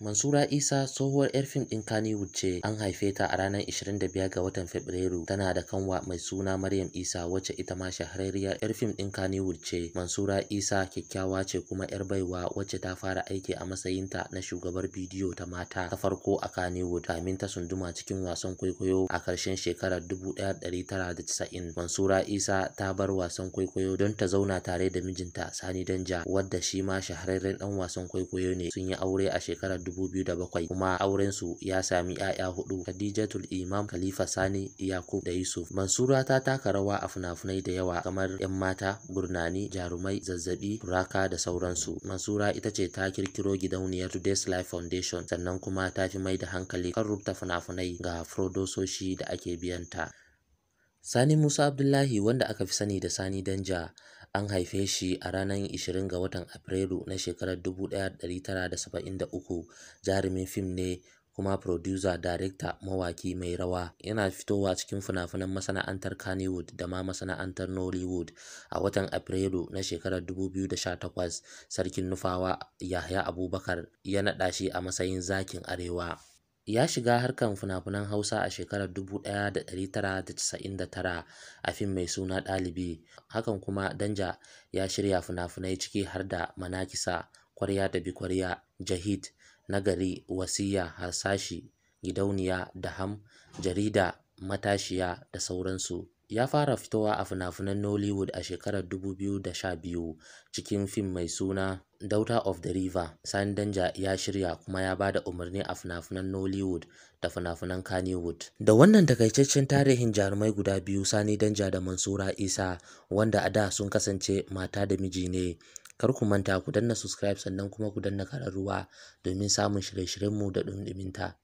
Mansura Isa tsohuwar 'yar fim ɗin Kannywood ce, an haife ta a ranar 25 ga watan Fabrairu, tana da kanwa mai suna Maryam Isa wacce ita ma shahararriyar 'yar fim ɗin Kannywood ce. Mansura Isa kyakkyawa ce kuma 'yar baiwa wacce ta fara aiki a matsayinta na shugabar bidiyo ta mata ta farko a Kannywood kamin ta sunduma cikin wasan kwaikwayo a karshen shekarar 1990. Mansura Isa ta bar wasan kwaikwayo don ta zauna tare da mijinta Sani Danja wadda shi ma shahararren ɗan wasan kwaikwayo ne, sun yi aure a shekarar 2007 kuma aurensu ya sami 'ya'ya hudu Khadijatul Imam Khalifa Sani Yakub da Yusuf. Mansura ta taka rawa a fina-finai da yawa kamar 'yan mata, gurnani, jarumai, zazzabi, furaka da sauransu. Mansura ita ce ta kirkiro gidauniyar Today's Life Foundation sannan kuma ta fi mai da hankali kan rubuta fina-finai ga furodososhi da ake biyanta. Sani Musa Abdullahi wanda aka fi sani da Sani Danja An haife shi a ranar 20 ga watan Afrilu na shekarar 1973, jarumin fim ne kuma produsa, darekta, mawaki, mai rawa. Yana fitowa cikin fina-finan masana'antar Kannywood da ma masana'antar Nollywood. A watan Afrilu na shekarar 2018, Sarkin Nufawa Yahya Abubakar ya naɗa shi a matsayin Zakin Arewa. Ya shiga harkar fina-finan Hausa a shekarar 1999 a fim mai suna Ɗalibi, hakan kuma Danja ya shirya fina-finai ciki har da Manakisa, Kwarya da bikwarya, Jahid, Nagari, wasiya, Harsashi, Gidauniya da Ham, Jarida, Matashiya da sauransu. Ya fara fitowa a fina-finan Nollywood a shekarar 2012 cikin fim mai suna Daughter of the River. Sani Danja ya shirya kuma ya ba da umarni a fina-finan Nollywood da fina-finan Kannywood. Da wannan takaicaccen tarihin jarumai guda biyu Sani Danja da Mansura Isa wanda a da sun kasance mata da miji ne. Kar ku manta ku danna subscribe sannan kuma ku danna kararruwa domin samun shirye-shiryenmu da ɗumɗuminta.